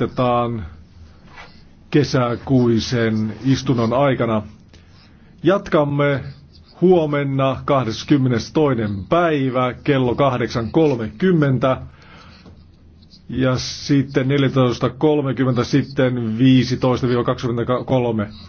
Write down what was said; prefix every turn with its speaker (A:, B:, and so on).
A: jatketaan kesäkuisen istunnon aikana. Jatkamme huomenna 22. päivä kello 8.30 ja sitten 14.30 sitten 15-23.